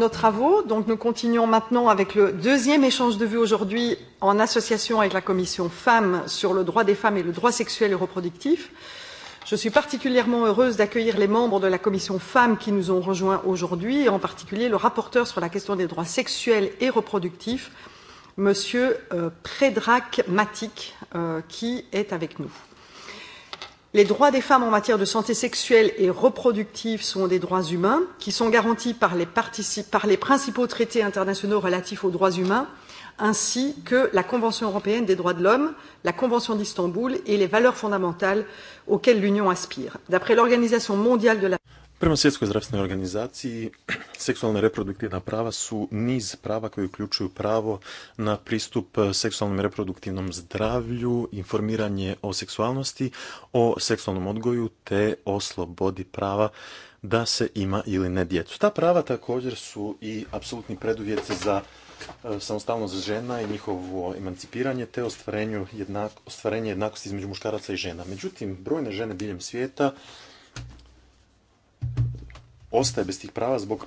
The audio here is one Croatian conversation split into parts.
nos travaux. Donc, nous continuons maintenant avec le deuxième échange de vues aujourd'hui en association avec la commission Femmes sur le droit des femmes et le droit sexuel et reproductif. Je suis particulièrement heureuse d'accueillir les membres de la commission Femmes qui nous ont rejoints aujourd'hui, et en particulier le rapporteur sur la question des droits sexuels et reproductifs, Monsieur euh, Predrak Matic, euh, qui est avec nous. Les droits des femmes en matière de santé sexuelle et reproductive sont des droits humains qui sont garantis par les, par les principaux traités internationaux relatifs aux droits humains, ainsi que la Convention européenne des droits de l'homme, la Convention d'Istanbul et les valeurs fondamentales auxquelles l'Union aspire. D'après l'Organisation mondiale de la Prema svjetskoj zdravstvenoj organizaciji, seksualne reproduktivna prava su niz prava koji uključuju pravo na pristup seksualnom reproduktivnom zdravlju, informiranje o seksualnosti, o seksualnom odgoju te o slobodi prava da se ima ili ne djecu. Ta prava također su i apsolutni preduvjet za e, samostalnost žena i njihovo emancipiranje te ostvarenje jednakosti između muškaraca i žena. Međutim, brojne žene diljem svijeta ostaje bez tih prava zbog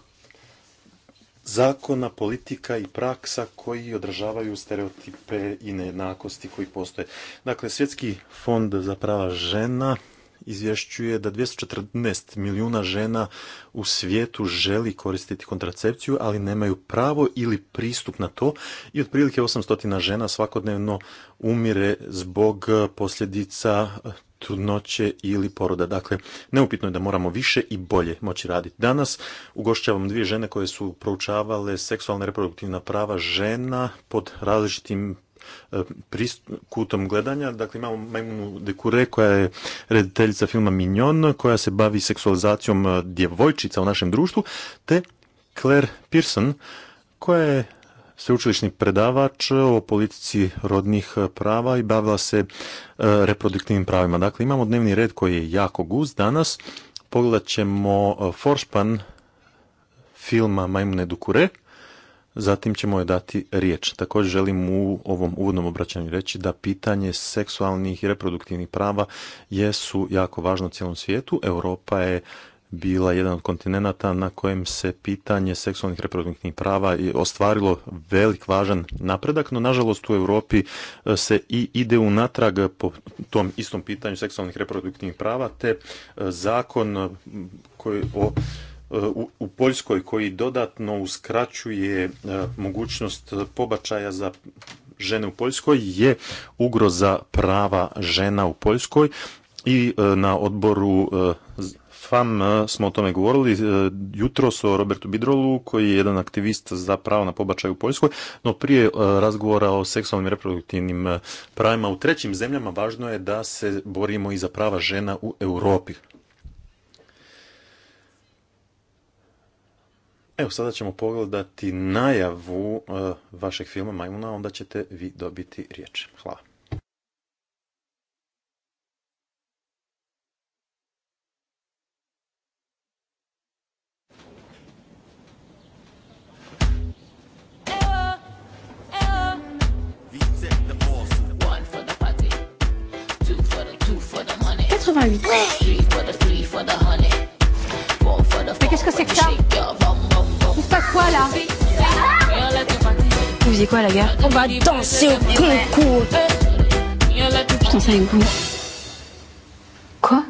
zakona, politika i praksa koji održavaju stereotipe i nejednakosti koji postoje. Dakle, Svjetski fond za prava žena izvješćuje da 214 milijuna žena u svijetu želi koristiti kontracepciju, ali nemaju pravo ili pristup na to i otprilike 800 žena svakodnevno umire zbog posljedica trudnoće ili poroda. Dakle, neupitno je da moramo više i bolje moći raditi. Danas ugošćavam dvije žene koje su proučavale seksualna reproduktivna prava žena pod različitim e, kutom gledanja. Dakle, imamo Majmunu Dekure koja je rediteljica filma Minjon koja se bavi seksualizacijom e, djevojčica u našem društvu, te Claire Pearson koja je sveučilišni predavač o politici rodnih prava i bavila se e, reproduktivnim pravima. Dakle, imamo dnevni red koji je jako gust danas. Pogledat ćemo e, forspan filma Majmune Dukure. Zatim ćemo joj dati riječ. Također želim u ovom uvodnom obraćanju reći da pitanje seksualnih i reproduktivnih prava jesu jako važno u cijelom svijetu. Europa je bila jedan od kontinenata na kojem se pitanje seksualnih reproduktivnih prava ostvarilo velik važan napredak, no nažalost u Europi e, se i ide unatrag po tom istom pitanju seksualnih reproduktivnih prava, te e, zakon koji o e, u Poljskoj koji dodatno uskraćuje mogućnost pobačaja za žene u Poljskoj je ugroza prava žena u Poljskoj i na odboru FAM eh, smo o tome govorili eh, jutros o Robertu Bidrolu koji je jedan aktivist za pravo na pobačaj u Poljskoj, no prije eh, razgovora o seksualnim i reproduktivnim pravima u trećim zemljama važno je da se borimo i za prava žena u Europi. Evo sada ćemo pogledati najavu vašeg filma Majmuna, onda ćete vi dobiti riječ. Hvala. 8. Mais qu'est-ce que c'est que ça Vous faites quoi là Vous faisiez quoi la gare On va danser au concours Putain, ça est bon. Quoi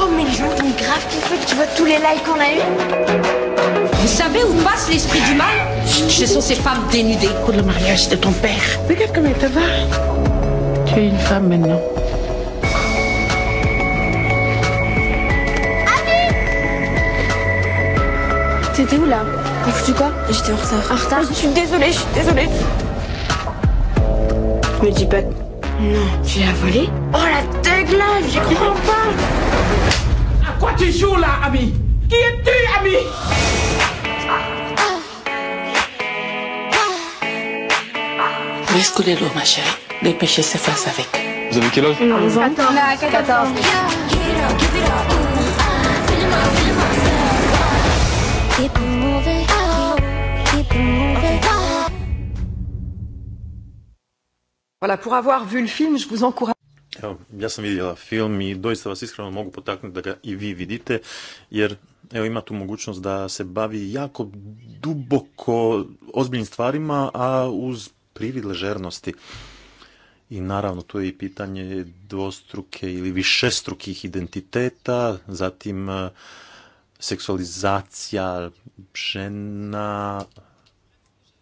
Oh mais les gens t'ont grave que tu vois tous les likes qu'on a eu Vous savez où passe l'esprit du mal Ce sont ces femmes dénudées pour le mariage de ton père. Regarde comme elle te va. Tu es une femme maintenant. T'étais où là T'as foutu quoi J'étais en retard. En retard Je suis désolée, je suis désolée. Me dis pas. Non, tu l'as volé Oh la là, j'y comprends pas. À quoi tu joues là, ami Qui es-tu, ami risque de l'eau, ma chérie. Les péchés s'effacent avec. Vous avez quel âge non, On 14. Voilà, pour avoir vu le film, je vous encourage. Evo, ja sam vidjela film i doista vas iskreno mogu potaknuti da ga i vi vidite, jer evo ima tu mogućnost da se bavi jako duboko ozbiljnim stvarima, a uz privid I naravno to je i pitanje dvostruke ili višestrukih identiteta, zatim e, seksualizacija žena,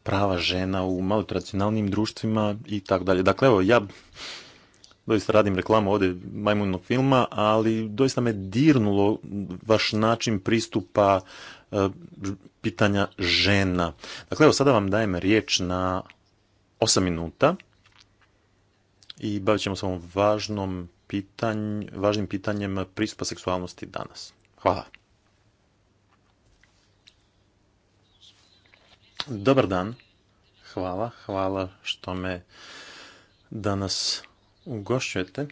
prava žena u tradicionalnim društvima i tako dalje. Dakle, evo, ja doista radim reklamu ovdje majmunog filma, ali doista me dirnulo vaš način pristupa e, pitanja žena. Dakle, evo, sada vam dajem riječ na 8 minuta i bavit ćemo se ovom važnom važnim pitanjem pristupa seksualnosti danas. Hvala. Dobar dan. Hvala, hvala što me danas ugošćujete.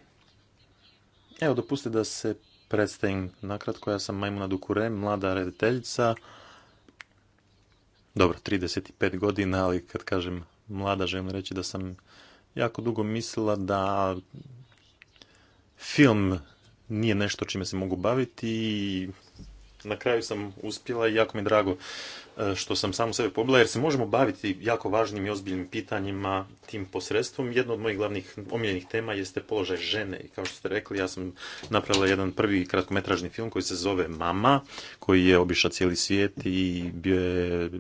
Evo, dopustite da se predstavim nakratko. Ja sam Majmuna Dukure, mlada rediteljica. Dobro, 35 godina, ali kad kažem mlada, želim reći da sam jako dugo mislila da film nije nešto čime se mogu baviti i na kraju sam uspjela i jako mi je drago e, što sam samo sebe pobila, jer se možemo baviti jako važnim i ozbiljnim pitanjima tim posredstvom. Jedna od mojih glavnih omiljenih tema jeste položaj žene. I kao što ste rekli, ja sam napravila jedan prvi kratkometražni film koji se zove Mama, koji je obišao cijeli svijet i bio je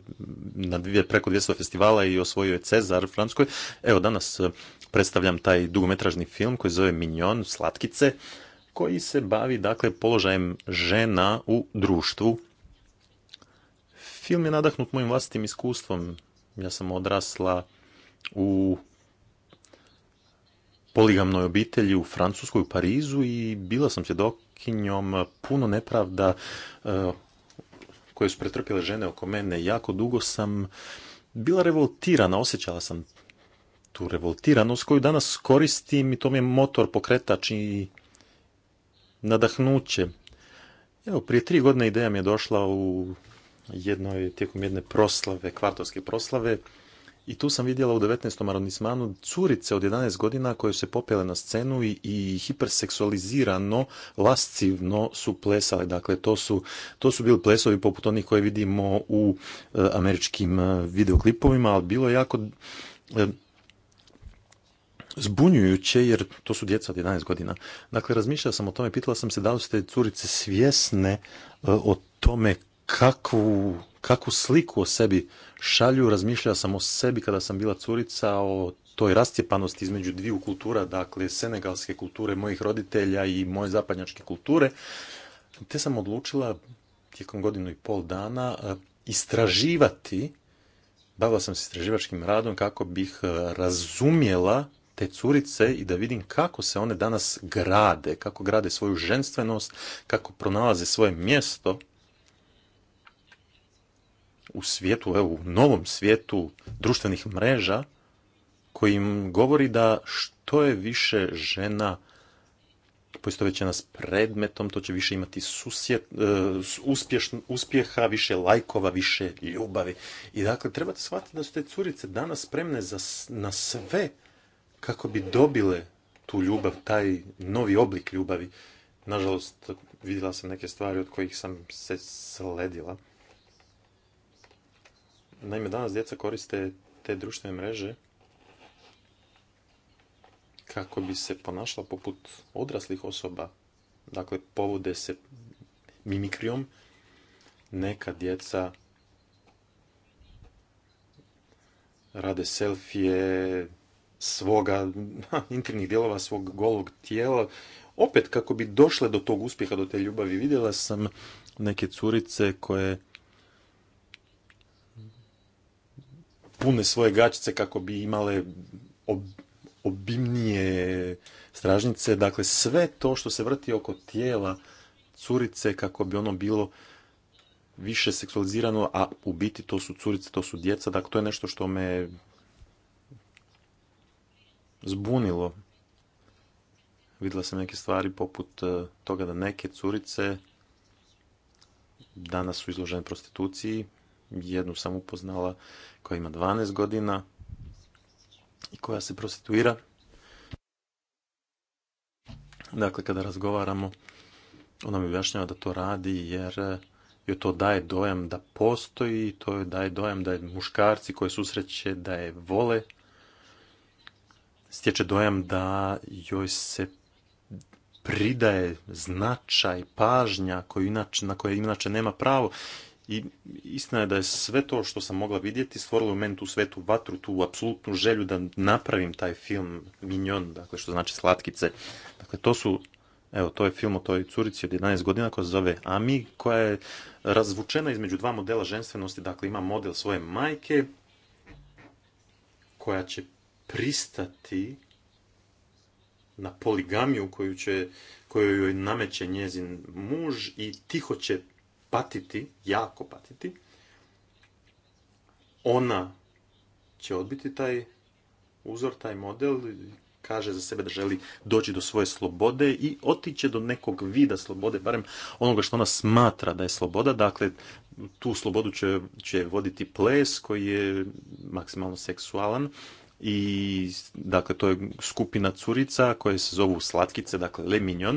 na dvije, preko 200 festivala i osvojio je Cezar u Francuskoj. Evo, danas e, predstavljam taj dugometražni film koji se zove Mignon, Slatkice koji se bavi dakle položajem žena u društvu. Film je nadahnut mojim vlastitim iskustvom. Ja sam odrasla u poligamnoj obitelji u Francuskoj, u Parizu i bila sam svjedokinjom puno nepravda eh, koje su pretrpjele žene oko mene. Jako dugo sam bila revoltirana, osjećala sam tu revoltiranost koju danas koristim i to mi je motor, pokretač i nadahnuće. Evo, prije tri godine ideja mi je došla u jednoj, tijekom jedne proslave, kvartovske proslave, i tu sam vidjela u 19. arondismanu curice od 11 godina koje se popele na scenu i, i hiperseksualizirano, lascivno su plesale. Dakle, to su, to su bili plesovi poput onih koje vidimo u e, američkim e, videoklipovima, ali bilo je jako e, zbunjujuće jer to su djeca od 11 godina. Dakle, razmišljao sam o tome, pitala sam se da li su te curice svjesne e, o tome kakvu, kakvu sliku o sebi šalju. Razmišljao sam o sebi kada sam bila curica, o toj rastjepanosti između dviju kultura, dakle senegalske kulture mojih roditelja i moje zapadnjačke kulture, te sam odlučila tijekom godinu i pol dana e, istraživati, bavila sam se istraživačkim radom kako bih e, razumjela te curice i da vidim kako se one danas grade, kako grade svoju ženstvenost, kako pronalaze svoje mjesto u svijetu, evo, u novom svijetu društvenih mreža, koji im govori da što je više žena poistovećena s predmetom, to će više imati susjet, e, uspjeha, više lajkova, više ljubavi. I dakle, trebate shvatiti da su te curice danas spremne za, na sve kako bi dobile tu ljubav, taj novi oblik ljubavi. Nažalost, vidjela sam neke stvari od kojih sam se sledila. Naime, danas djeca koriste te društvene mreže kako bi se ponašala poput odraslih osoba. Dakle, povode se mimikrijom. Neka djeca rade selfije, svoga internih dijelova svog golog tijela. Opet, kako bi došle do tog uspjeha, do te ljubavi, vidjela sam neke curice koje pune svoje gačice kako bi imale obimnije stražnice. Dakle, sve to što se vrti oko tijela curice kako bi ono bilo više seksualizirano, a u biti to su curice, to su djeca. Dakle, to je nešto što me zbunilo. Vidjela sam neke stvari poput e, toga da neke curice danas su izložene prostituciji. Jednu sam upoznala koja ima 12 godina i koja se prostituira. Dakle, kada razgovaramo, ona mi objašnjava da to radi jer e, joj to daje dojam da postoji, to joj daje dojam da je muškarci koje susreće da je vole, stječe dojam da joj se pridaje značaj, pažnja koju na koje inače nema pravo. I istina je da je sve to što sam mogla vidjeti stvorilo u meni tu svetu vatru, tu apsolutnu želju da napravim taj film Minjon, dakle što znači slatkice. Dakle, to su Evo, to je film o toj curici od 11 godina koja se zove Ami, koja je razvučena između dva modela ženstvenosti. Dakle, ima model svoje majke koja će pristati na poligamiju koju će, joj nameće njezin muž i tiho će patiti, jako patiti, ona će odbiti taj uzor, taj model, kaže za sebe da želi doći do svoje slobode i otiće do nekog vida slobode, barem onoga što ona smatra da je sloboda, dakle tu slobodu će, će voditi ples koji je maksimalno seksualan i dakle to je skupina curica koje se zovu slatkice, dakle Le Mignon,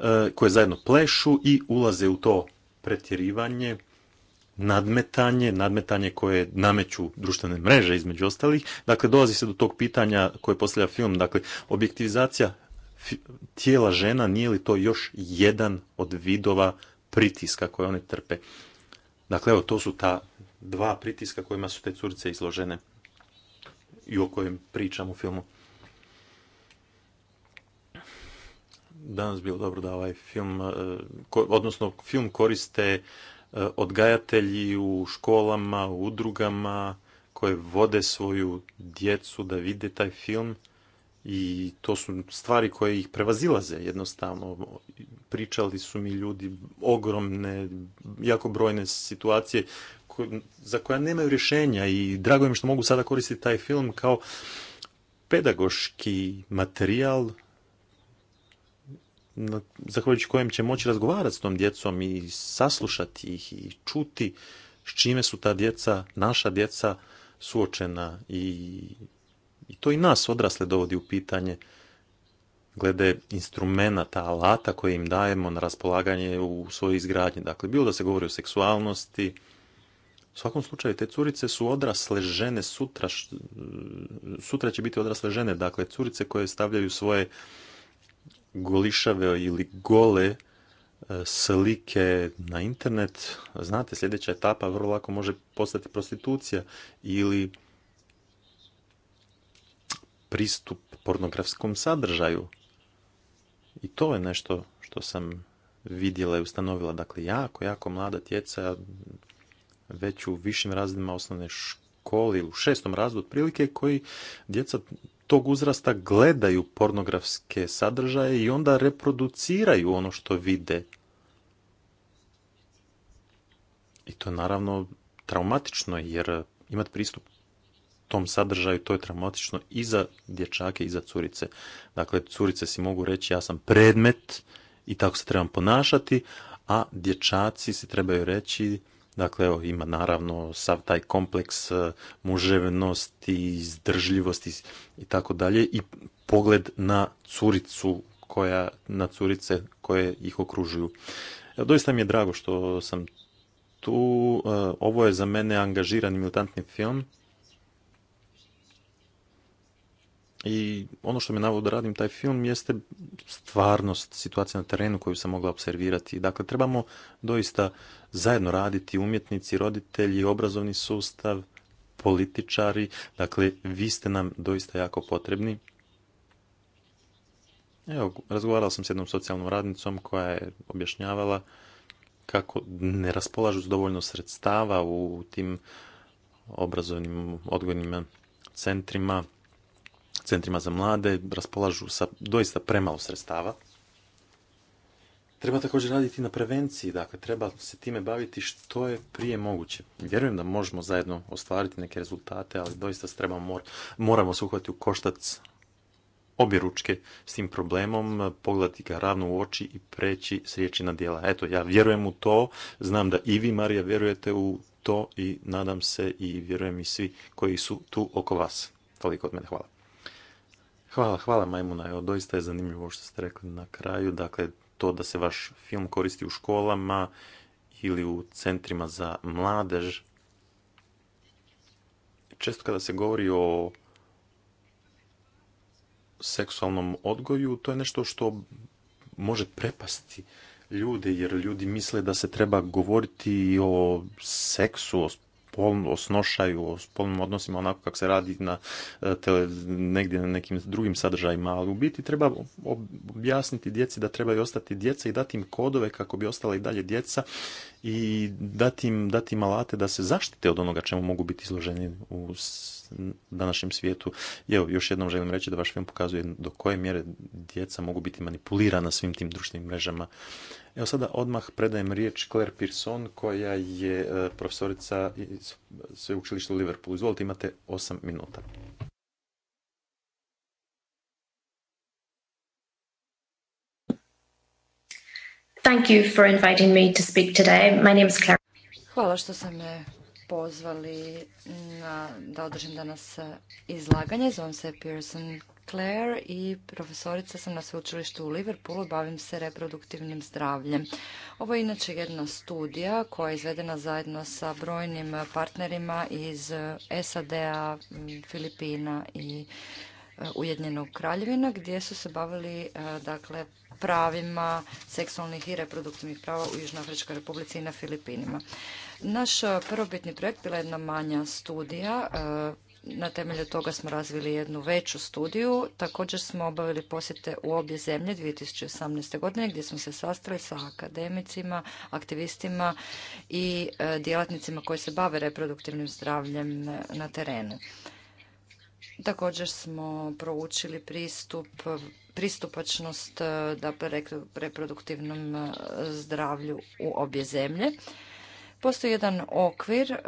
e, koje zajedno plešu i ulaze u to pretjerivanje, nadmetanje, nadmetanje koje nameću društvene mreže između ostalih. Dakle, dolazi se do tog pitanja koje postavlja film, dakle, objektivizacija tijela žena nije li to još jedan od vidova pritiska koje one trpe. Dakle, evo, to su ta dva pritiska kojima su te curice izložene i o kojem pričam u filmu. Danas bilo dobro da ovaj film, e, odnosno film koriste e, odgajatelji u školama, u udrugama koje vode svoju djecu da vide taj film i to su stvari koje ih prevazilaze jednostavno. Pričali su mi ljudi ogromne, jako brojne situacije za koja nemaju rješenja i drago im što mogu sada koristiti taj film kao pedagoški materijal zahvaljujući kojem će moći razgovarati s tom djecom i saslušati ih i čuti s čime su ta djeca, naša djeca suočena i, i to i nas odrasle dovodi u pitanje glede instrumenta, alata koje im dajemo na raspolaganje u svojoj izgradnji. Dakle, bilo da se govori o seksualnosti, u svakom slučaju, te curice su odrasle žene, sutra, sutra će biti odrasle žene, dakle, curice koje stavljaju svoje golišave ili gole e, slike na internet, znate, sljedeća etapa vrlo lako može postati prostitucija ili pristup pornografskom sadržaju. I to je nešto što sam vidjela i ustanovila. Dakle, jako, jako mlada tjeca već u višim razredima osnovne škole ili u šestom razredu otprilike koji djeca tog uzrasta gledaju pornografske sadržaje i onda reproduciraju ono što vide. I to je naravno traumatično jer imati pristup tom sadržaju, to je traumatično i za dječake i za curice. Dakle, curice si mogu reći ja sam predmet i tako se trebam ponašati, a dječaci se trebaju reći Dakle, evo, ima naravno sav taj kompleks e, muževnosti, izdržljivosti i tako dalje i pogled na curicu koja, na curice koje ih okružuju. Evo, doista mi je drago što sam tu. E, ovo je za mene angažirani militantni film i ono što me navod da radim taj film jeste stvarnost, situacija na terenu koju sam mogla observirati. Dakle, trebamo doista zajedno raditi umjetnici, roditelji, obrazovni sustav, političari. Dakle, vi ste nam doista jako potrebni. Evo, razgovarala sam s jednom socijalnom radnicom koja je objašnjavala kako ne raspolažu s dovoljno sredstava u tim obrazovnim odgojnim centrima centrima za mlade raspolažu sa doista premalo sredstava. Treba također raditi na prevenciji, dakle treba se time baviti što je prije moguće. Vjerujem da možemo zajedno ostvariti neke rezultate, ali doista se trebamo, moramo se uhvati u koštac obje ručke s tim problemom, pogledati ga ravno u oči i preći s riječi na djela. Eto, ja vjerujem u to, znam da i vi, Marija, vjerujete u to i nadam se i vjerujem i svi koji su tu oko vas. Toliko od mene, hvala. Hvala, hvala Majmuna. Evo, doista je zanimljivo što ste rekli na kraju. Dakle, to da se vaš film koristi u školama ili u centrima za mladež. Često kada se govori o seksualnom odgoju, to je nešto što može prepasti ljude, jer ljudi misle da se treba govoriti o seksu, o spolnu, osnošaju o spolnim odnosima, onako kako se radi na e, tele, negdje na nekim drugim sadržajima, ali u biti treba objasniti djeci da trebaju ostati djeca i dati im kodove kako bi ostala i dalje djeca i dati im, dati alate da se zaštite od onoga čemu mogu biti izloženi u današnjem svijetu. evo, još jednom želim reći da vaš film pokazuje do koje mjere djeca mogu biti manipulirana svim tim društvenim mrežama. Evo sada odmah predajem riječ Claire Pearson koja je e, profesorica sveučilišta u Liverpoolu. Izvolite, imate 8 minuta. Thank you for inviting me to speak today. My name is Claire. Hvala što ste me pozvali na, da održim danas e, izlaganje. Zovem se Pearson Claire i profesorica sam na sveučilištu u Liverpoolu, bavim se reproduktivnim zdravljem. Ovo je inače jedna studija koja je izvedena zajedno sa brojnim partnerima iz SAD-a, Filipina i e, Ujedinjenog kraljevina gdje su se bavili e, dakle, pravima seksualnih i reproduktivnih prava u Južnoafričkoj republici i na Filipinima. Naš prvobitni projekt bila je jedna manja studija e, na temelju toga smo razvili jednu veću studiju. Također smo obavili posjete u obje zemlje 2018. godine gdje smo se sastali sa akademicima, aktivistima i e, djelatnicima koji se bave reproduktivnim zdravljem na terenu. Također smo proučili pristup, pristupačnost e, da dakle, reproduktivnom e, zdravlju u obje zemlje. Postoji jedan okvir e,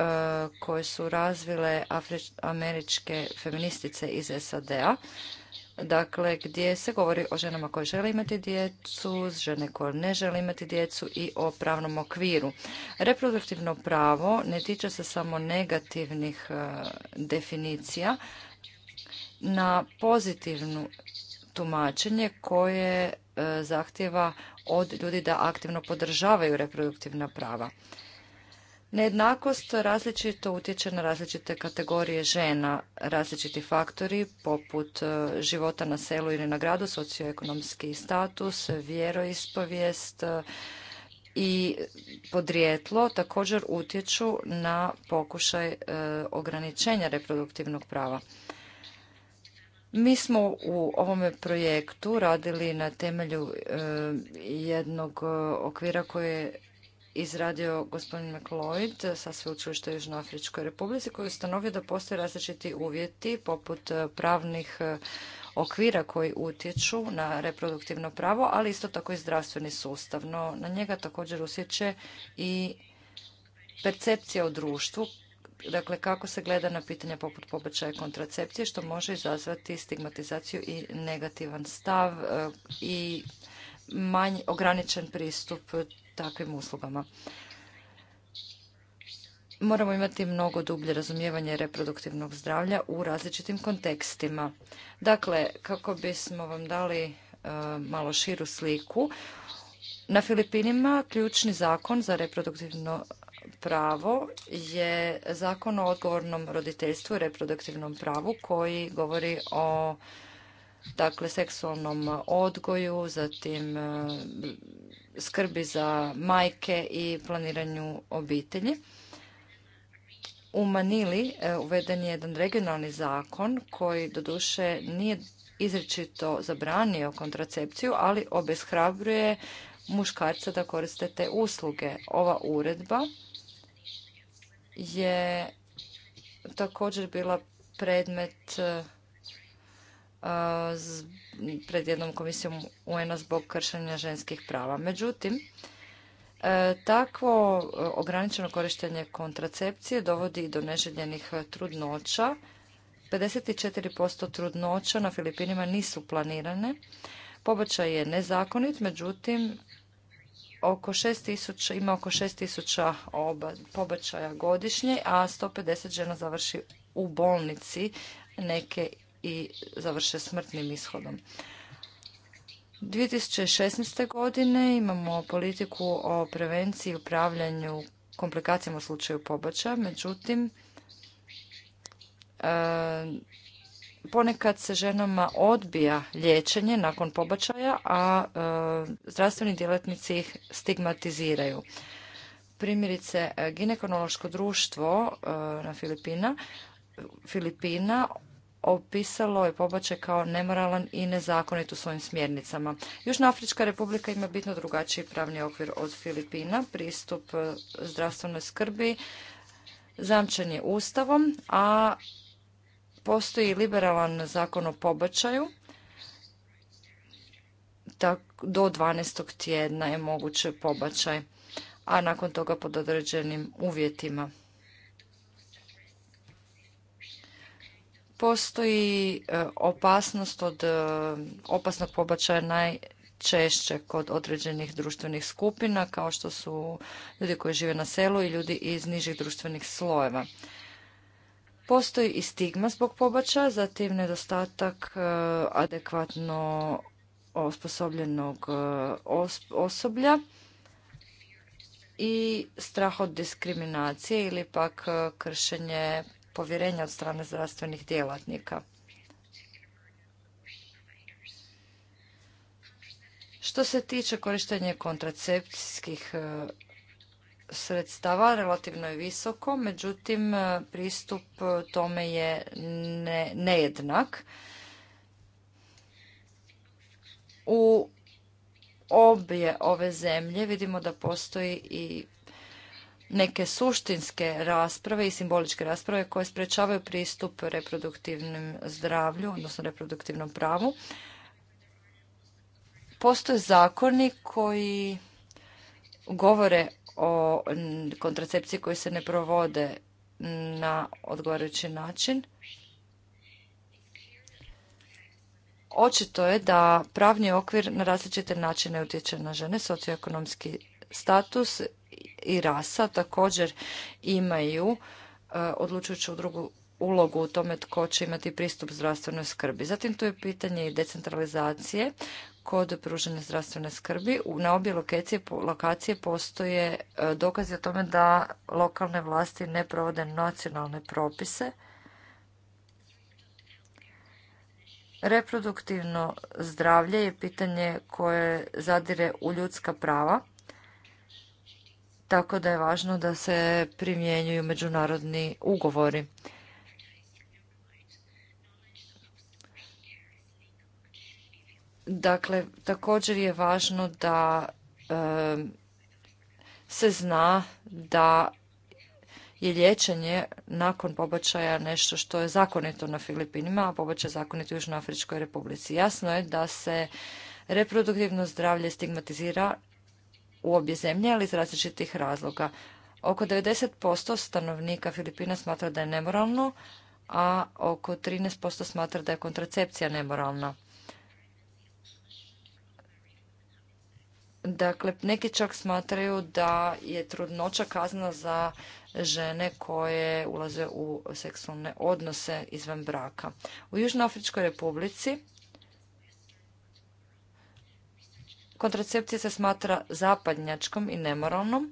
koji su razvile američke feministice iz SAD-a, dakle gdje se govori o ženama koje žele imati djecu, žene koje ne žele imati djecu i o pravnom okviru. Reproduktivno pravo ne tiče se samo negativnih e, definicija na pozitivnu tumačenje koje e, zahtjeva od ljudi da aktivno podržavaju reproduktivna prava. Nejednakost različito utječe na različite kategorije žena. Različiti faktori poput e, života na selu ili na gradu, socioekonomski status, vjeroispovijest e, i podrijetlo također utječu na pokušaj e, ograničenja reproduktivnog prava. Mi smo u ovome projektu radili na temelju jednog okvira koje je izradio gospodin McLeod sa sveučilišta u Južnoafričkoj republici koji ustanovio da postoje različiti uvjeti poput pravnih e, okvira koji utječu na reproduktivno pravo, ali isto tako i zdravstveni sustav. No, na njega također usjeće i percepcija u društvu, dakle kako se gleda na pitanja poput pobačaja kontracepcije, što može izazvati stigmatizaciju i negativan stav e, i manj ograničen pristup takvim uslugama. Moramo imati mnogo dublje razumijevanje reproduktivnog zdravlja u različitim kontekstima. Dakle, kako bismo vam dali e, malo širu sliku, na Filipinima ključni zakon za reproduktivno pravo je zakon o odgovornom roditeljstvu i reproduktivnom pravu koji govori o dakle seksualnom odgoju, zatim e, skrbi za majke i planiranju obitelji. U Manili e, uveden je jedan regionalni zakon koji doduše nije izričito zabranio kontracepciju, ali obeshrabruje muškarca da koriste te usluge. Ova uredba je također bila predmet e, pred jednom komisijom UN-a zbog kršenja ženskih prava. Međutim, e, takvo e, ograničeno korištenje kontracepcije dovodi do neželjenih trudnoća. 54% trudnoća na Filipinima nisu planirane. Pobačaj je nezakonit, međutim, oko 6000, ima oko 6000 pobačaja godišnje, a 150 žena završi u bolnici, neke i završe smrtnim ishodom. 2016. godine imamo politiku o prevenciji i upravljanju komplikacijama u slučaju pobačaja, međutim e, ponekad se ženama odbija liječenje nakon pobačaja, a e, zdravstveni djelatnici ih stigmatiziraju. Primjerice, e, ginekonološko društvo na Filipina Filipina opisalo je pobačaj kao nemoralan i nezakonit u svojim smjernicama. Južna Afrička republika ima bitno drugačiji pravni okvir od Filipina, pristup e, zdravstvenoj skrbi zamčen je ustavom, a postoji liberalan zakon o pobačaju. Do 12. tjedna je moguće pobačaj, a nakon toga pod određenim uvjetima. postoji e, opasnost od e, opasnog pobačaja najčešće kod određenih društvenih skupina kao što su ljudi koji žive na selu i ljudi iz nižih društvenih slojeva. Postoji i stigma zbog pobačaja, zatim nedostatak e, adekvatno osposobljenog osoblja i strah od diskriminacije ili pak kršenje povjerenja od strane zdravstvenih djelatnika. Što se tiče korištenja kontracepcijskih e, sredstava, relativno je visoko, međutim e, pristup tome je nejednak. U obje ove zemlje vidimo da postoji i neke suštinske rasprave i simboličke rasprave koje sprečavaju pristup reproduktivnom zdravlju, odnosno reproduktivnom pravu. Postoje zakoni koji govore o kontracepciji koji se ne provode na odgovarajući način. Očito je da pravni okvir na različite načine utječe na žene, socioekonomski status i rasa također imaju e, odlučujuću drugu ulogu u tome tko će imati pristup zdravstvenoj skrbi. Zatim tu je pitanje i decentralizacije kod pružanja zdravstvene skrbi. Na obje lokacije, lokacije postoje e, dokazi o tome da lokalne vlasti ne provode nacionalne propise. Reproduktivno zdravlje je pitanje koje zadire u ljudska prava tako da je važno da se primjenjuju međunarodni ugovori. Dakle, također je važno da se zna da je liječenje nakon pobačaja nešto što je zakonito na Filipinima, a pobačaj je u Južnoafričkoj republici. Jasno je da se reproduktivno zdravlje stigmatizira u obje zemlje, ali iz različitih razloga. Oko 90% stanovnika Filipina smatra da je nemoralno, a oko 13% smatra da je kontracepcija nemoralna. Dakle, neki čak smatraju da je trudnoća kazna za žene koje ulaze u seksualne odnose izvan braka. U Južnoafričkoj republici Kontracepcija se smatra zapadnjačkom i nemoralnom.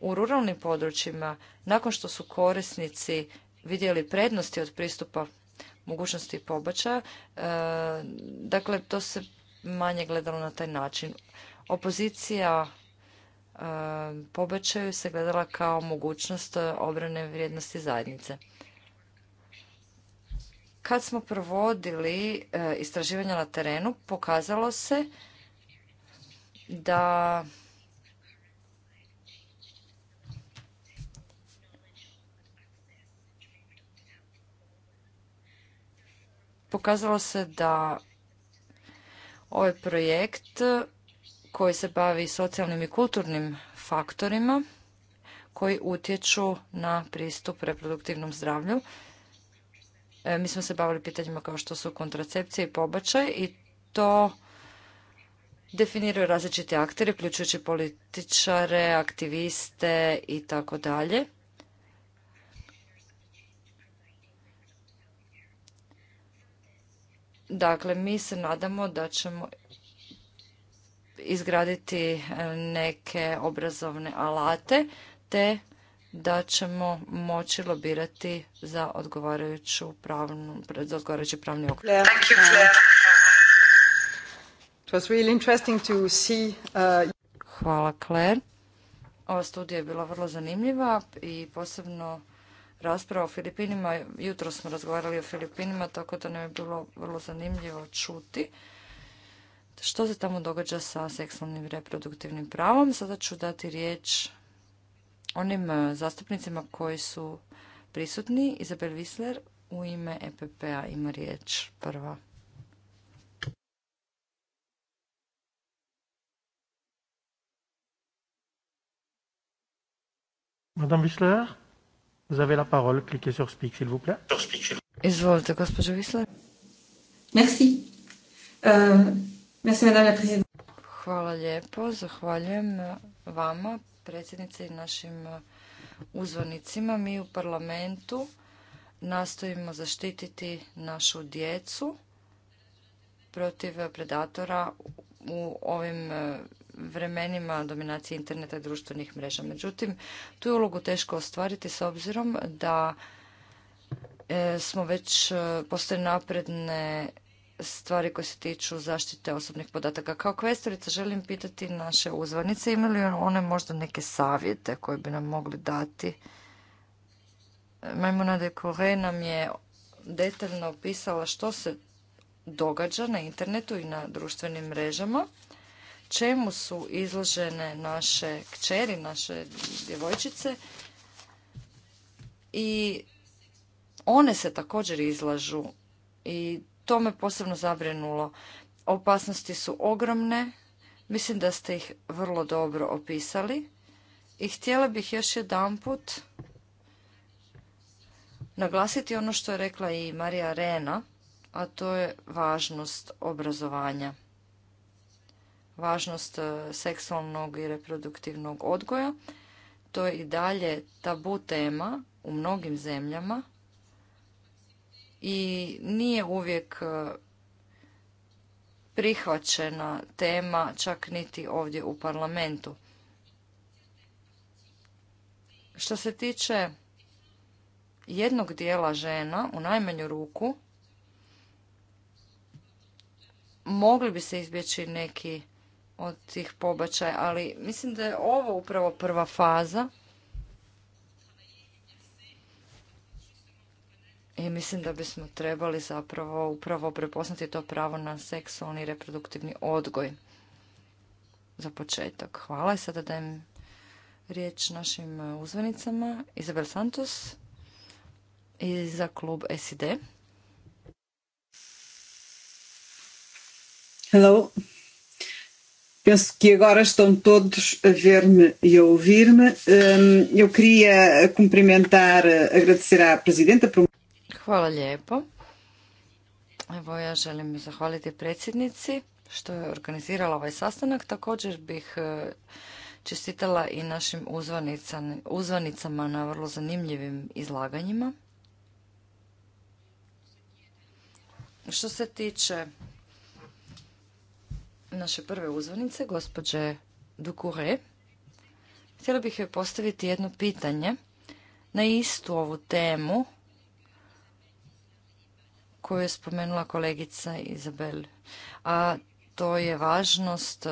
U ruralnim područjima, nakon što su korisnici vidjeli prednosti od pristupa mogućnosti pobačaja, e, dakle, to se manje gledalo na taj način. Opozicija e, pobačaju se gledala kao mogućnost obrane vrijednosti zajednice. Kad smo provodili e, istraživanja na terenu, pokazalo se da pokazalo se da ovaj projekt koji se bavi socijalnim i kulturnim faktorima koji utječu na pristup reproduktivnom zdravlju. E, mi smo se bavili pitanjima kao što su kontracepcija i pobačaj i to definiraju različiti akteri, uključujući političare, aktiviste i tako dalje. Dakle, mi se nadamo da ćemo izgraditi e, neke obrazovne alate te da ćemo moći lobirati za odgovarajuću pravnu, za odgovarajući pravni okvir interesting uh, Hvala Claire. Ova studija je bila vrlo zanimljiva i posebno rasprava o Filipinima. Jutro smo razgovarali o Filipinima, tako da nam je bilo vrlo zanimljivo čuti što se tamo događa sa seksualnim reproduktivnim pravom. Sada ću dati riječ onim uh, zastupnicima koji su prisutni. Izabel Wisler u ime EPP-a ima riječ prva. Madame Wissler, vous avez la parole. Cliquez sur Speak, s'il vous plaît. Izvolite, gospođo Merci. Euh, merci, madame la Hvala lijepo. Zahvaljujem vama, predsjednice i našim uzvanicima. Mi u parlamentu nastojimo zaštititi našu djecu protiv predatora u ovim vremenima dominacije interneta i društvenih mreža. Međutim, tu je ulogu teško ostvariti s obzirom da e, smo već e, postoje napredne stvari koje se tiču zaštite osobnih podataka. Kao kvestorica želim pitati naše uzvanice imaju li one možda neke savjete koje bi nam mogli dati. Majmuna de Kore nam je detaljno opisala što se događa na internetu i na društvenim mrežama čemu su izložene naše kćeri, naše djevojčice i one se također izlažu i to me posebno zabrinulo. Opasnosti su ogromne, mislim da ste ih vrlo dobro opisali i htjela bih još jedanput naglasiti ono što je rekla i Marija Rena, a to je važnost obrazovanja važnost e, seksualnog i reproduktivnog odgoja. To je i dalje tabu tema u mnogim zemljama i nije uvijek e, prihvaćena tema čak niti ovdje u parlamentu. Što se tiče jednog dijela žena u najmanju ruku mogli bi se izbjeći neki od tih pobačaja, ali mislim da je ovo upravo prva faza. I mislim da bismo trebali zapravo upravo prepoznati to pravo na seksualni i reproduktivni odgoj. Za početak. Hvala i sada dajem riječ našim uzvanicama. Izabel Santos i za klub SID. Hello. Penso que agora estão todos a ver-me e a ouvir-me. Eu queria cumprimentar, agradecer eh, à Presidenta por... Hvala lijepo. Evo ja želim zahvaliti predsjednici što je organizirala ovaj sastanak. Također bih eh, čestitala i našim uzvanicama na vrlo zanimljivim izlaganjima. Što se tiče naše prve uzvornice, gospođe Dukure. Htjela bih joj postaviti jedno pitanje na istu ovu temu koju je spomenula kolegica Izabel, a to je važnost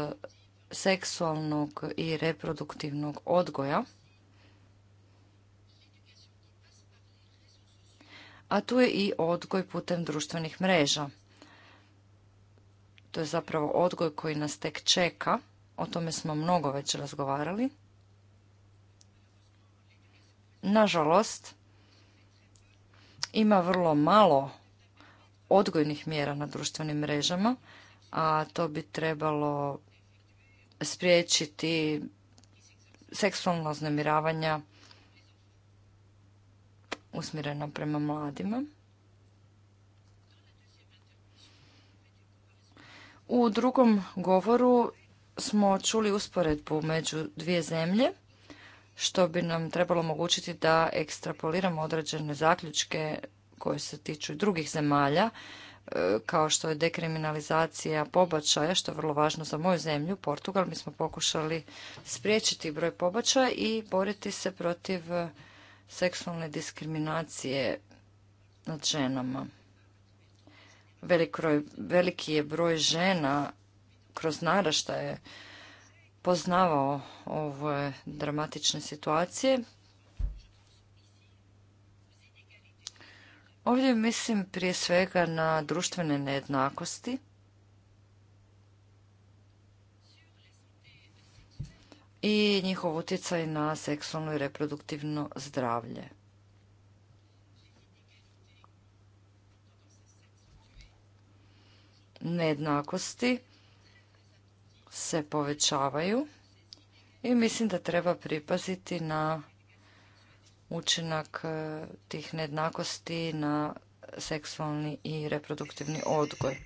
seksualnog i reproduktivnog odgoja. A tu je i odgoj putem društvenih mreža. To je zapravo odgoj koji nas tek čeka. O tome smo mnogo već razgovarali. Nažalost, ima vrlo malo odgojnih mjera na društvenim mrežama, a to bi trebalo spriječiti seksualno uznemiravanja usmjereno prema mladima. U drugom govoru smo čuli usporedbu među dvije zemlje, što bi nam trebalo omogućiti da ekstrapoliramo određene zaključke koje se tiču drugih zemalja, e, kao što je dekriminalizacija pobačaja, što je vrlo važno za moju zemlju, Portugal. Mi smo pokušali spriječiti broj pobačaja i boriti se protiv seksualne diskriminacije nad ženama veliki je broj žena kroz naraštaje poznavao ove dramatične situacije. Ovdje mislim prije svega na društvene nejednakosti i njihov utjecaj na seksualno i reproduktivno zdravlje. nejednakosti se povećavaju i mislim da treba pripaziti na učinak e, tih nejednakosti na seksualni i reproduktivni odgoj.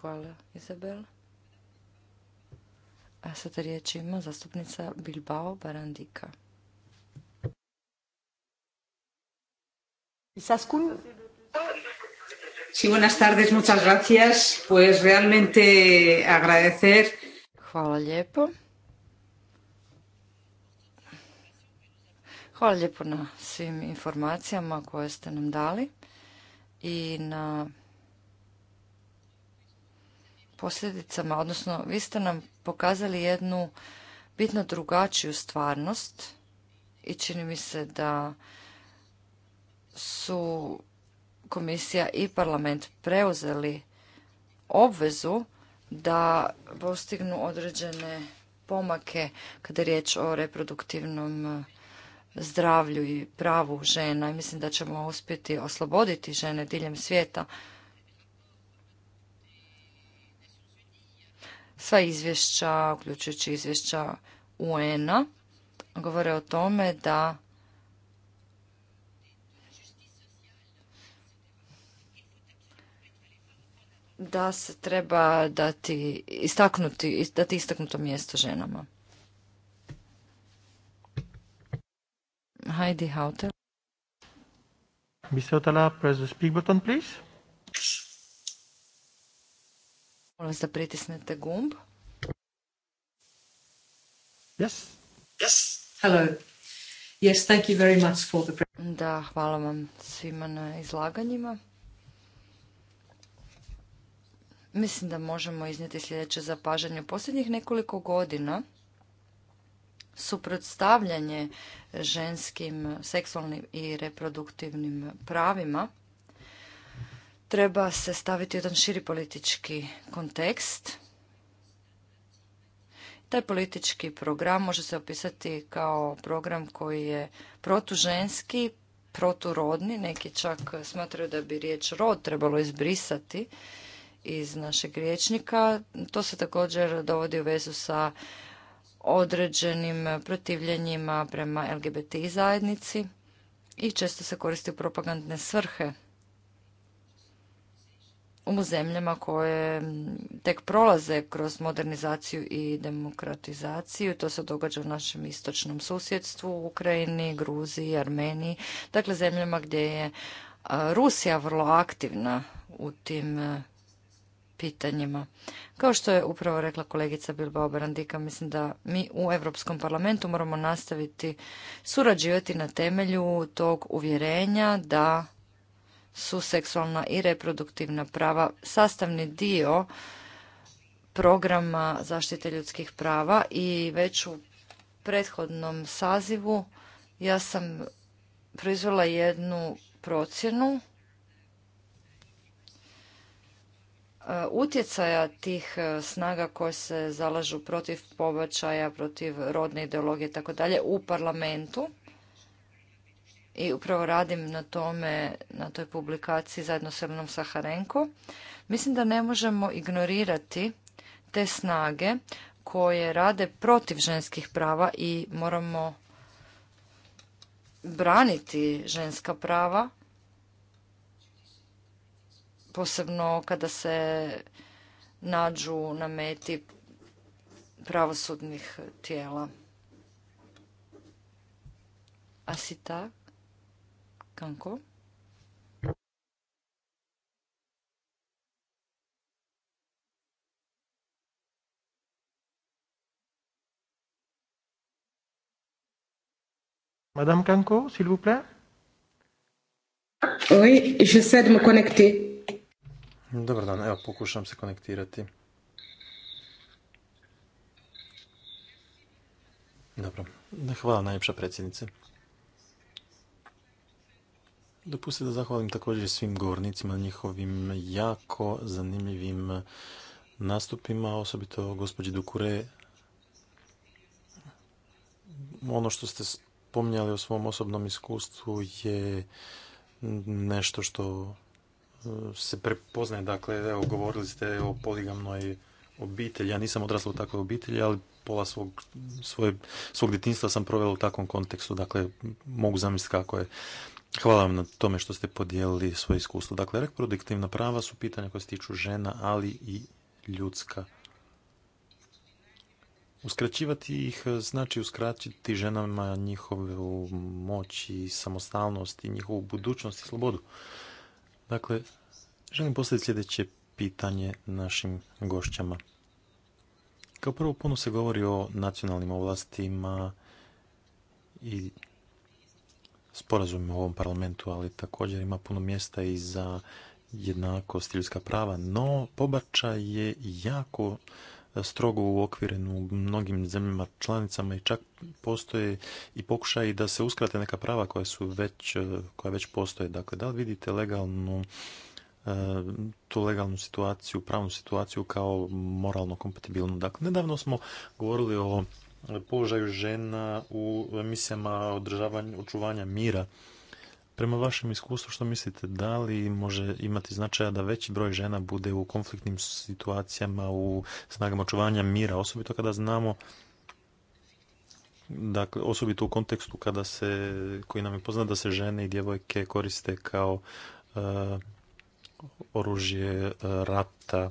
Hvala, Izabela. A sada riječ ima zastupnica Bilbao Barandika buenas agradecer. Hvala lijepo. Hvala lijepo na svim informacijama koje ste nam dali i na posljedicama, odnosno vi ste nam pokazali jednu bitno drugačiju stvarnost i čini mi se da su komisija i parlament preuzeli obvezu da postignu određene pomake kada je riječ o reproduktivnom e, zdravlju i pravu žena i mislim da ćemo uspjeti osloboditi žene diljem svijeta. Sva izvješća, uključujući izvješća UN-a, govore o tome da da se treba dati istaknuti, dati istaknuto mjesto ženama. Heidi Hauter. Ms. Otala, press the speak button, please. Molim vas da pritisnete gumb. Yes. Yes. Hello. Yes, thank you very much for the... Da, hvala vam svima na izlaganjima. Mislim da možemo iznijeti sljedeće zapažanje. U posljednjih nekoliko godina suprotstavljanje ženskim seksualnim i reproduktivnim pravima treba se staviti u jedan širi politički kontekst. Taj politički program može se opisati kao program koji je protuženski, proturodni, neki čak smatraju da bi riječ rod trebalo izbrisati iz našeg riječnika. To se također dovodi u vezu sa određenim protivljenjima prema LGBT zajednici i često se koristi u propagandne svrhe u zemljama koje tek prolaze kroz modernizaciju i demokratizaciju. To se događa u našem istočnom susjedstvu, u Ukrajini, Gruziji, Armeniji, dakle zemljama gdje je Rusija vrlo aktivna u tim pitanjima. Kao što je upravo rekla kolegica Bilbao Barandika, mislim da mi u Europskom parlamentu moramo nastaviti surađivati na temelju tog uvjerenja da su seksualna i reproduktivna prava sastavni dio programa zaštite ljudskih prava i već u prethodnom sazivu ja sam proizvela jednu procjenu E, utjecaja tih e, snaga koje se zalažu protiv pobačaja, protiv rodne ideologije i tako dalje u parlamentu. I upravo radim na tome, na toj publikaciji zajedno s Elenom Saharenko. Mislim da ne možemo ignorirati te snage koje rade protiv ženskih prava i moramo braniti ženska prava posebno kada se nađu na meti pravosudnih tijela. tak? Kanko. Madame Kanko, s'il vous plaît. Oui, j'essaie de me connecter. Dobar dan, evo pokušam se konektirati. Dobro, hvala najljepša predsjednice. Dopustite da zahvalim također svim govornicima na njihovim jako zanimljivim nastupima, osobito gospođi Dukure. Ono što ste spominjali o svom osobnom iskustvu je nešto što se prepoznaje, dakle, evo, govorili ste o poligamnoj obitelji, ja nisam odrasla u takvoj obitelji, ali pola svog, svoje, svog sam provela u takvom kontekstu, dakle, mogu zamisliti kako je. Hvala vam na tome što ste podijelili svoje iskustvo. Dakle, reproduktivna prava su pitanja koja se tiču žena, ali i ljudska. Uskraćivati ih znači uskraćiti ženama njihovu moć i samostalnost i njihovu budućnost i slobodu. Dakle, želim postaviti sljedeće pitanje našim gošćama. Kao prvo puno se govori o nacionalnim ovlastima i sporazumima u ovom parlamentu, ali također ima puno mjesta i za jednakost ljudska prava, no pobačaj je jako strogo uokviren u mnogim zemljama članicama i čak postoje i pokušaji da se uskrate neka prava koja su već, e, koja već postoje. Dakle, da li vidite legalnu e, tu legalnu situaciju, pravnu situaciju kao moralno kompatibilnu. Dakle, nedavno smo govorili o položaju žena u misijama održavanja, očuvanja mira Prema vašem iskustvu, što mislite, da li može imati značaja da veći broj žena bude u konfliktnim situacijama, u snagama očuvanja mira, osobito kada znamo dakle, osobito u kontekstu kada se, koji nam je poznat da se žene i djevojke koriste kao eh, oružje eh, rata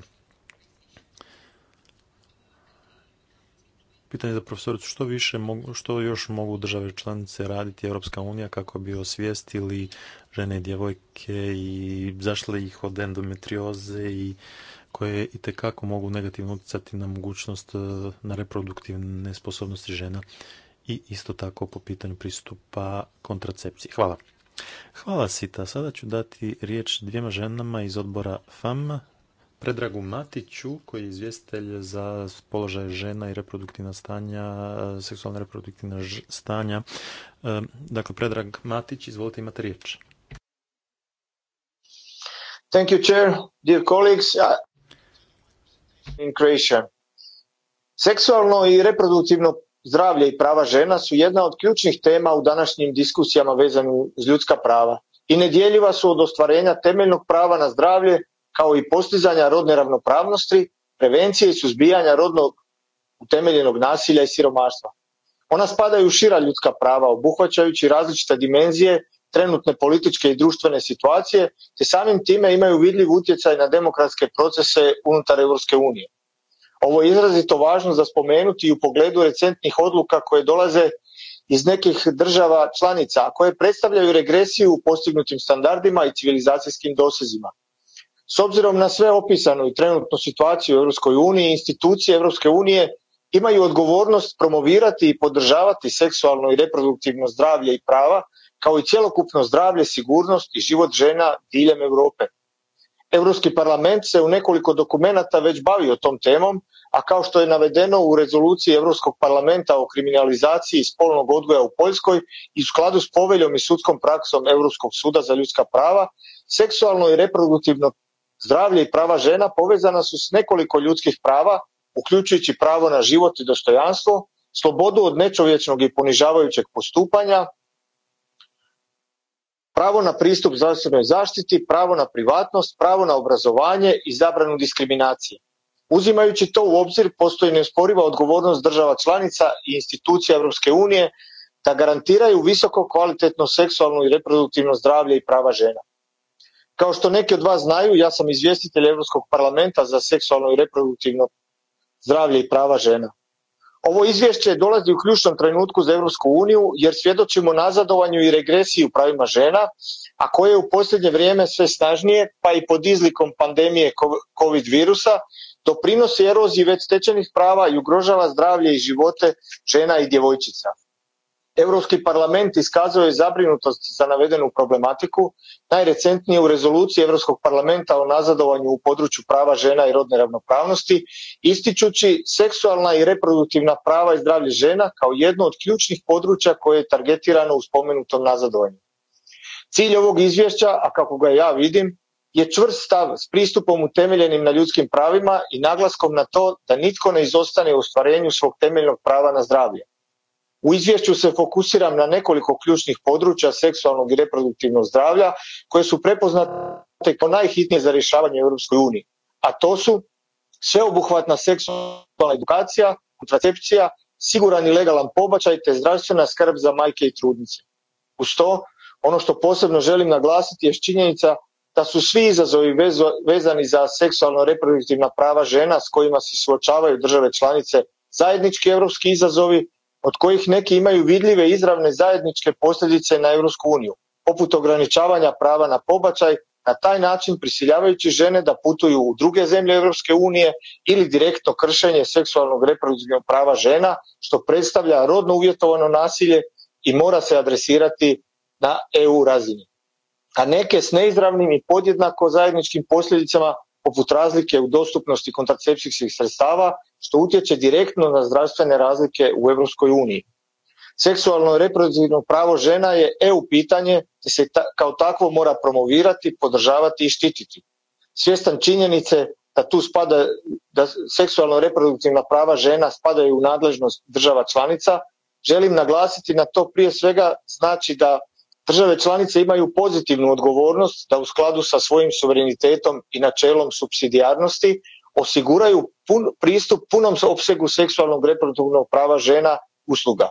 Pitanje za profesoricu, što, više, što još mogu države članice raditi Europska unija kako bi osvijestili žene i djevojke i zašle ih od endometrioze i koje i tekako mogu negativno utjecati na mogućnost e, na reproduktivne sposobnosti žena i isto tako po pitanju pristupa kontracepciji. Hvala. Hvala Sita. Sada ću dati riječ dvijema ženama iz odbora FAM, Predragu Matiću, koji je izvjestitelj za položaj žena i reproduktivna stanja, e, seksualna reproduktivna stanja. E, dakle, Predrag Matić, izvolite imate riječ. Thank you, Chair. Dear colleagues, in Croatia. Seksualno i reproduktivno zdravlje i prava žena su jedna od ključnih tema u današnjim diskusijama vezanim uz ljudska prava i nedjeljiva su od ostvarenja temeljnog prava na zdravlje kao i postizanja rodne ravnopravnosti, prevencije i suzbijanja rodnog utemeljenog nasilja i siromaštva. Ona spadaju u šira ljudska prava, obuhvaćajući različite dimenzije trenutne političke i društvene situacije, te samim time imaju vidljiv utjecaj na demokratske procese unutar Europske unije. Ovo je izrazito važno za spomenuti i u pogledu recentnih odluka koje dolaze iz nekih država članica, a koje predstavljaju regresiju u postignutim standardima i civilizacijskim dosezima. S obzirom na sve opisanu i trenutnu situaciju u Europskoj uniji, institucije Europske unije imaju odgovornost promovirati i podržavati seksualno i reproduktivno zdravlje i prava, kao i cjelokupno zdravlje, sigurnost i život žena diljem Europe. Europski parlament se u nekoliko dokumenata već bavio tom temom, a kao što je navedeno u rezoluciji Europskog parlamenta o kriminalizaciji spolnog odgoja u Poljskoj i u skladu s poveljom i sudskom praksom Europskog suda za ljudska prava, seksualno i reproduktivno Zdravlje i prava žena povezana su s nekoliko ljudskih prava, uključujući pravo na život i dostojanstvo, slobodu od nečovječnog i ponižavajućeg postupanja, pravo na pristup zdravstvenoj zaštiti, pravo na privatnost, pravo na obrazovanje i zabranu diskriminacije. Uzimajući to u obzir, postoji nesporiva odgovornost država članica i institucija Europske unije da garantiraju visoko kvalitetno seksualno i reproduktivno zdravlje i prava žena. Kao što neki od vas znaju, ja sam izvjestitelj Europskog parlamenta za seksualno i reproduktivno zdravlje i prava žena. Ovo izvješće dolazi u ključnom trenutku za Europsku uniju jer svjedočimo nazadovanju i regresiji u pravima žena, a koje je u posljednje vrijeme sve snažnije, pa i pod izlikom pandemije COVID virusa, doprinosi eroziji već stečenih prava i ugrožava zdravlje i živote žena i djevojčica. Europski parlament iskazao je zabrinutost za navedenu problematiku, najrecentnije u rezoluciji Europskog parlamenta o nazadovanju u području prava žena i rodne ravnopravnosti, ističući seksualna i reproduktivna prava i zdravlje žena kao jedno od ključnih područja koje je targetirano u spomenutom nazadovanju. Cilj ovog izvješća, a kako ga ja vidim, je čvrst stav s pristupom utemeljenim na ljudskim pravima i naglaskom na to da nitko ne izostane u ostvarenju svog temeljnog prava na zdravlje u izvješću se fokusiram na nekoliko ključnih područja seksualnog i reproduktivnog zdravlja koje su prepoznate kao najhitnije za rješavanje u Europskoj uniji, a to su sveobuhvatna seksualna edukacija, kontracepcija, siguran i legalan pobačaj te zdravstvena skrb za majke i trudnice. Uz to, ono što posebno želim naglasiti je činjenica da su svi izazovi vezani za seksualno reproduktivna prava žena s kojima se suočavaju države članice zajednički evropski izazovi od kojih neki imaju vidljive izravne zajedničke posljedice na Europsku uniju, poput ograničavanja prava na pobačaj, na taj način prisiljavajući žene da putuju u druge zemlje Europske unije ili direktno kršenje seksualnog reproduktivnog prava žena, što predstavlja rodno uvjetovano nasilje i mora se adresirati na EU razini. A neke s neizravnim i podjednako zajedničkim posljedicama poput razlike u dostupnosti kontracepcijskih sredstava što utječe direktno na zdravstvene razlike u Europskoj uniji. Seksualno reproduktivno pravo žena je EU pitanje te se kao takvo mora promovirati, podržavati i štititi. Svjestan činjenice da tu spada, da seksualno reproduktivna prava žena spadaju u nadležnost država članica, želim naglasiti na to prije svega znači da države članice imaju pozitivnu odgovornost da u skladu sa svojim suverenitetom i načelom supsidijarnosti osiguraju pun, pristup punom opsegu seksualnog reproduktivnog prava žena usluga.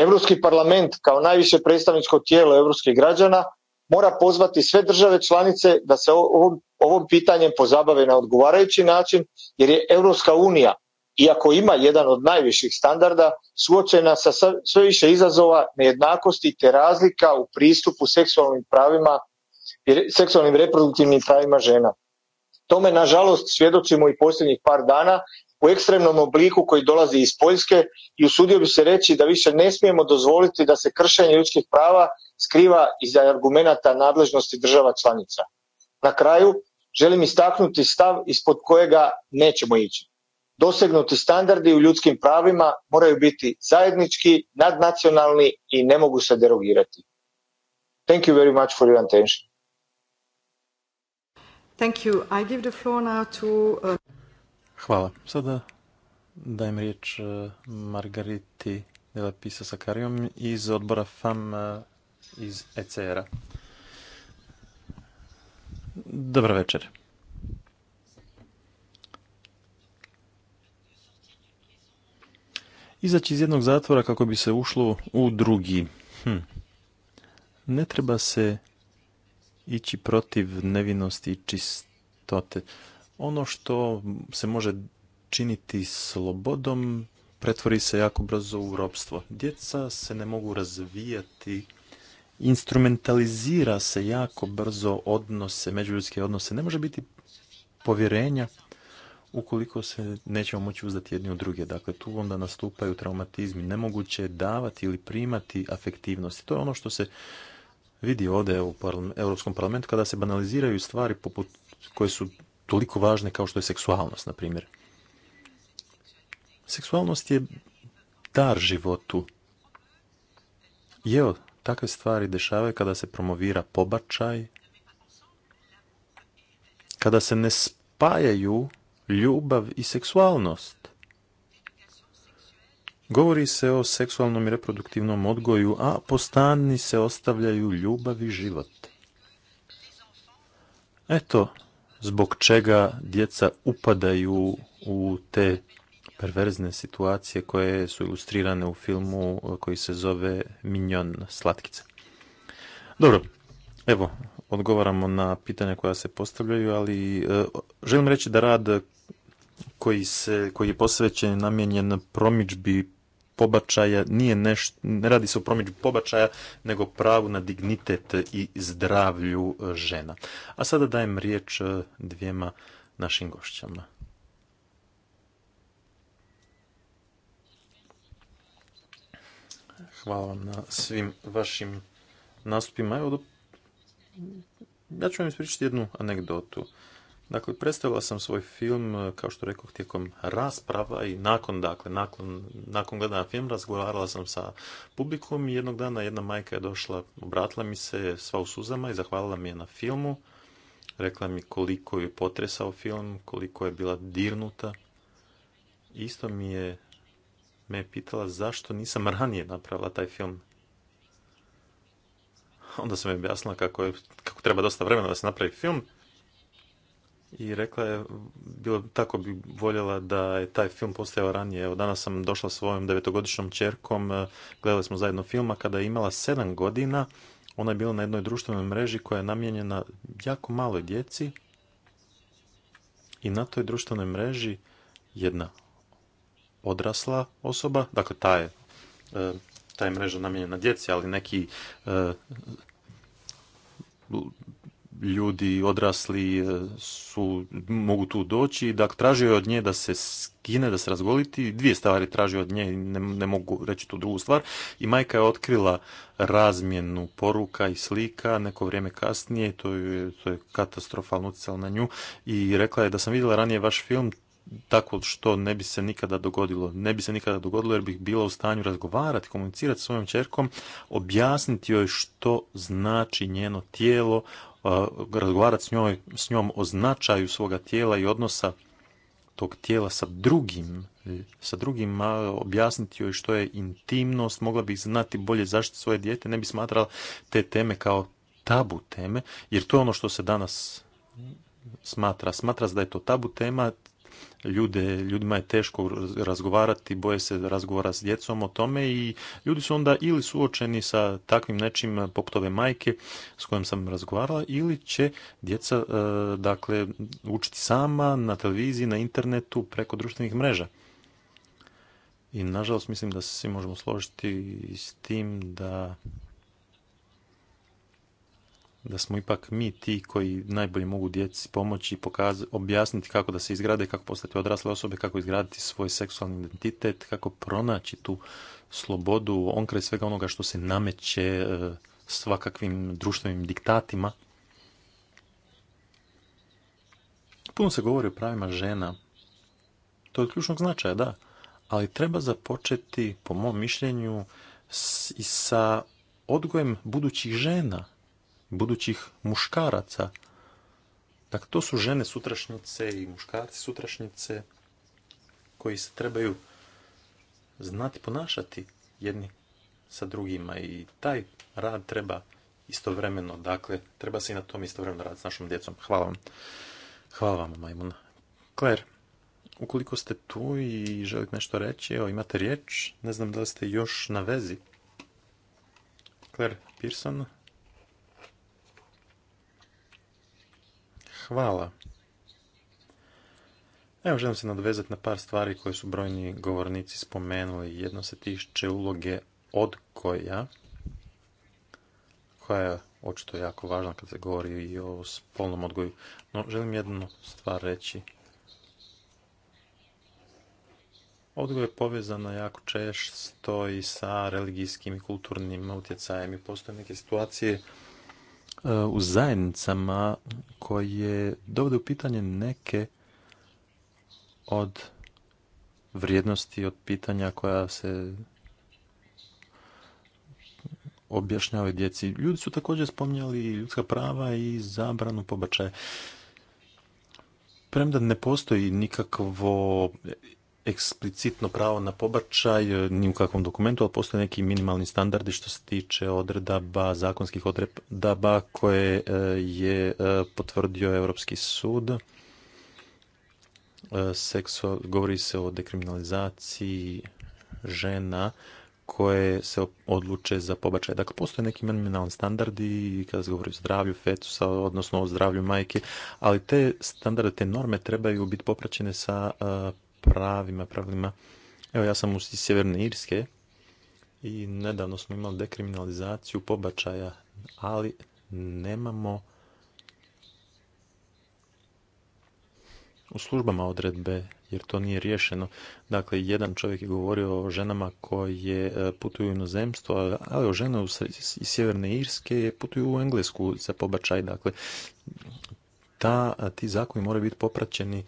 Europski parlament kao najviše predstavničko tijelo europskih građana mora pozvati sve države članice da se ovom, ovom pitanjem pozabave na odgovarajući način jer je Europska unija iako ima jedan od najviših standarda, suočena sa sve više izazova nejednakosti te razlika u pristupu seksualnim pravima, seksualnim reproduktivnim pravima žena. Tome, nažalost, svjedočimo i posljednjih par dana u ekstremnom obliku koji dolazi iz Poljske i usudio bi se reći da više ne smijemo dozvoliti da se kršenje ljudskih prava skriva iza argumenata nadležnosti država članica. Na kraju, želim istaknuti stav ispod kojega nećemo ići. Dosegnuti standardi u ljudskim pravima moraju biti zajednički, nadnacionalni i ne mogu se derogirati. Thank you very much for your attention. Uh, Hvala. Sada dajem riječ uh, Margariti Delapisa Sakarijom iz odbora FAM uh, iz ECR-a. Dobar večer. Izaći iz jednog zatvora kako bi se ušlo u drugi. Hm. Ne treba se ići protiv nevinosti i čistote. Ono što se može činiti slobodom pretvori se jako brzo u ropstvo. Djeca se ne mogu razvijati, instrumentalizira se jako brzo odnose, međuljudske odnose. Ne može biti povjerenja ukoliko se nećemo moći uzdati jedni u druge. Dakle, tu onda nastupaju traumatizmi. Nemoguće je davati ili primati afektivnosti. To je ono što se vidi ovdje u Europskom parlamentu kada se banaliziraju stvari poput koje su toliko važne kao što je seksualnost, na primjer. Seksualnost je dar životu. I takve stvari dešavaju kada se promovira pobačaj, kada se ne spajaju ljubav i seksualnost. Govori se o seksualnom i reproduktivnom odgoju, a postani se ostavljaju ljubav i život. Eto, zbog čega djeca upadaju u te perverzne situacije koje su ilustrirane u filmu koji se zove Minjon slatkice. Dobro, evo, odgovaramo na pitanja koja se postavljaju, ali e, želim reći da rad koji, se, koji je posvećen namijenjen promičbi pobačaja nije nešto, ne radi se o promjeđu pobačaja, nego pravu na dignitet i zdravlju e, žena. A sada dajem riječ e, dvijema našim gošćama. Hvala vam na svim vašim nastupima. Evo, ja ću vam ispričati jednu anegdotu. Dakle, predstavila sam svoj film, e, kao što rekao, tijekom rasprava i nakon, dakle, nakon, nakon gledanja film razgovarala sam sa publikom i jednog dana jedna majka je došla, obratila mi se sva u suzama i zahvalila mi je na filmu. Rekla mi koliko je potresao film, koliko je bila dirnuta. Isto mi je me je pitala zašto nisam ranije napravila taj film. Onda sam je objasnila kako, je, kako treba dosta vremena da se napravi film i rekla je, bilo, tako bi voljela da je taj film postojao ranije. Evo, danas sam došla svojom devetogodišnjom čerkom, e, gledali smo zajedno filma, kada je imala sedam godina, ona je bila na jednoj društvenoj mreži koja je namijenjena jako maloj djeci i na toj društvenoj mreži jedna odrasla osoba, dakle ta je, e, ta je mreža namijenjena djeci, ali neki e, ljudi odrasli e, su, mogu tu doći. Dakle, tražio je od nje da se skine, da se razgoliti. Dvije stvari tražio od nje, ne, ne mogu reći tu drugu stvar. I majka je otkrila razmjenu poruka i slika neko vrijeme kasnije, to to je katastrofalno utjecalo na nju. I rekla je da sam vidjela ranije vaš film, tako što ne bi se nikada dogodilo. Ne bi se nikada dogodilo jer bih bila u stanju razgovarati, komunicirati s svojom čerkom, objasniti joj što znači njeno tijelo, razgovarati s, njoj, s njom o značaju svoga tijela i odnosa tog tijela sa drugim, e, sa drugim objasniti joj što je intimnost, mogla bi znati bolje zašto svoje dijete, ne bi smatrala te teme kao tabu teme, jer to je ono što se danas smatra. Smatra se da je to tabu tema, ljude, ljudima je teško razgovarati, boje se razgovara s djecom o tome i ljudi su onda ili suočeni sa takvim nečim poput ove majke s kojom sam razgovarala ili će djeca e, dakle učiti sama na televiziji, na internetu, preko društvenih mreža. I nažalost mislim da se svi možemo složiti s tim da da smo ipak mi ti koji najbolje mogu djeci pomoći, objasniti kako da se izgrade, kako postati odrasle osobe, kako izgraditi svoj seksualni identitet, kako pronaći tu slobodu onkraj svega onoga što se nameće e, svakakvim društvenim diktatima. Puno se govori o pravima žena. To je od ključnog značaja, da. Ali treba započeti, po mom mišljenju, i sa odgojem budućih žena budućih muškaraca. Dakle, to su žene sutrašnjice i muškarci sutrašnjice koji se trebaju znati ponašati jedni sa drugima i taj rad treba istovremeno, dakle, treba se i na tom istovremeno raditi s našom djecom. Hvala vam. Hvala vam, Majmuna. Claire, ukoliko ste tu i želite nešto reći, evo, imate riječ, ne znam da li ste još na vezi. Claire Pearson, Hvala. Evo želim se nadvezati na par stvari koje su brojni govornici spomenuli. Jedno se tiče uloge od koja, koja je očito jako važna kad se govori i o spolnom odgoju. No, želim jednu stvar reći. Odgoj je povezano jako često i sa religijskim i kulturnim utjecajem i postoje neke situacije u zajednicama koje dovode u pitanje neke od vrijednosti, od pitanja koja se objašnjavaju djeci. Ljudi su također spominjali ljudska prava i zabranu pobačaja. Premda ne postoji nikakvo eksplicitno pravo na pobačaj e, ni u kakvom dokumentu, ali postoje neki minimalni standardi što se tiče odredaba, zakonskih odredaba koje e, je e, potvrdio Europski sud. govori se o dekriminalizaciji žena koje se odluče za pobačaj. Dakle, postoje neki minimalni standardi kada se govori o zdravlju fetusa, odnosno o zdravlju majke, ali te standarde, te norme trebaju biti popraćene sa pravima, pravima. Evo ja sam iz Sjeverne Irske i nedavno smo imali dekriminalizaciju pobačaja, ali nemamo u službama odredbe jer to nije riješeno. Dakle, jedan čovjek je govorio o ženama koje e, putuju u inozemstvo, ali o žene iz Sjeverne Irske putuju u Englesku za pobačaj. Dakle, ta, ti zakoni moraju biti popraćeni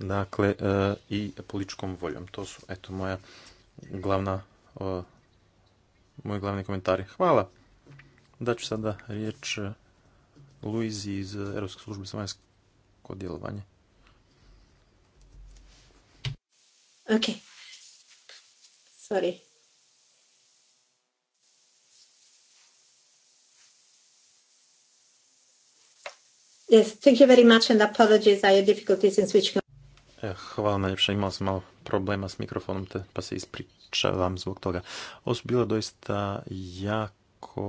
dakle, e, i političkom voljom. To su, eto, moja glavna, e, moji glavni komentari. Hvala. Daću sada riječ e, Luizi iz Europske službe za vanjsko djelovanje. Ok. Sorry. Yes, thank you very much and apologies. I had difficulties in switching. E, hvala najljepša, imao sam malo problema s mikrofonom, te, pa se ispričavam zbog toga. Ovo su bila doista jako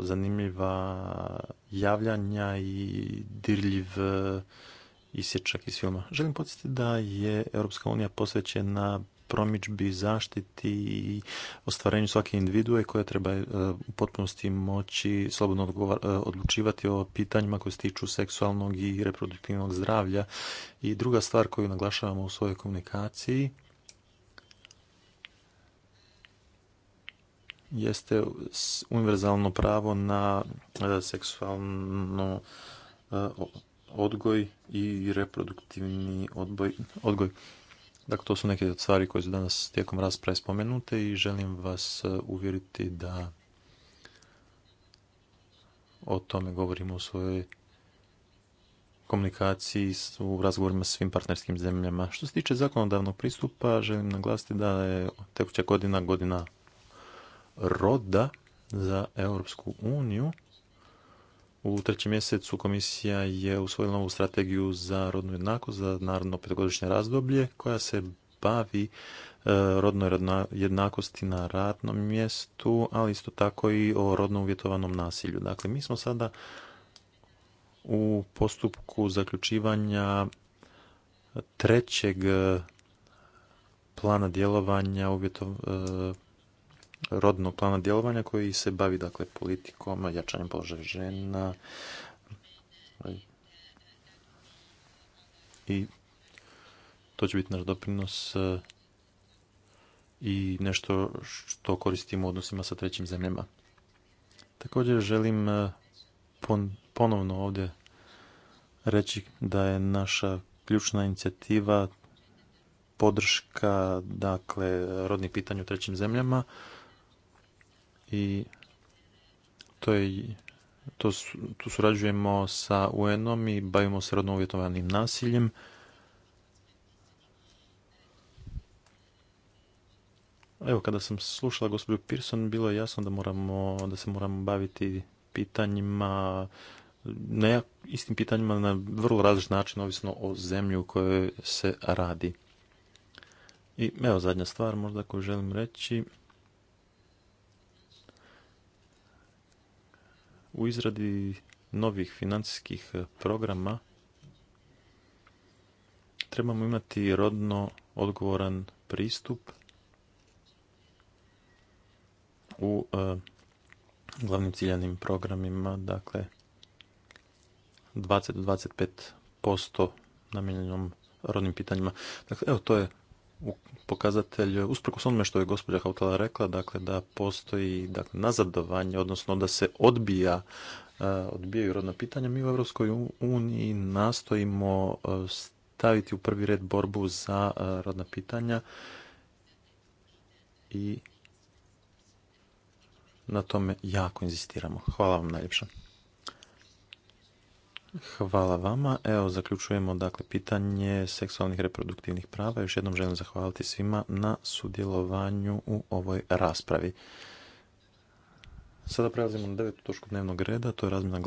zanimljiva javljanja i dirljiv e, isječak iz filma. Želim podsjetiti da je Europska unija posvećena promičbi, zaštiti i ostvarenju svake individue koja treba e, u potpunosti moći slobodno e, odlučivati o pitanjima koje se tiču seksualnog i reproduktivnog zdravlja. I druga stvar koju naglašavamo u svojoj komunikaciji jeste univerzalno pravo na e, seksualno odgoj i reproduktivni odgoj. Dakle, to su neke od stvari koje su danas tijekom rasprave spomenute i želim vas e, uvjeriti da o tome govorimo u svojoj komunikaciji u razgovorima s svim partnerskim zemljama. Što se tiče zakonodavnog pristupa, želim naglasiti da je tekuća godina godina roda za Europsku uniju u trećem mjesecu komisija je usvojila novu strategiju za rodnu jednakost za narodno petogodišnje razdoblje koja se bavi e, rodnoj jednakosti na radnom mjestu, ali isto tako i o rodno uvjetovanom nasilju. Dakle, mi smo sada u postupku zaključivanja trećeg plana djelovanja e, rodnog plana djelovanja koji se bavi dakle politikom, jačanjem položaja žena ovaj. i to će biti naš doprinos e, i nešto što koristimo u odnosima sa trećim zemljama. Također želim e, ponovno ovdje reći da je naša ključna inicijativa podrška dakle rodnih pitanja u trećim zemljama i to je to tu surađujemo sa UN-om i bavimo se rodno uvjetovanim nasiljem. Evo, kada sam slušala gospođu Pearson, bilo je jasno da, moramo, da se moramo baviti pitanjima, ne istim pitanjima na vrlo različit način, ovisno o zemlji u kojoj se radi. I evo zadnja stvar možda koju želim reći, U izradi novih financijskih e, programa trebamo imati rodno odgovoran pristup u e, glavnim ciljanim programima, dakle 20 25% namijenjenom rodnim pitanjima. Dakle, evo to je pokazatelj, usprkos onome što je gospođa Hautala rekla, dakle da postoji dakle, nazadovanje, odnosno da se odbija e, odbijaju rodna pitanja, mi u Europskoj uniji nastojimo e, staviti u prvi red borbu za e, rodna pitanja i na tome jako inzistiramo. Hvala vam najljepša. Hvala vama. Evo, zaključujemo dakle pitanje seksualnih reproduktivnih prava. Još jednom želim zahvaliti svima na sudjelovanju u ovoj raspravi. Sada prelazimo na devetu točku dnevnog reda, to je razmjena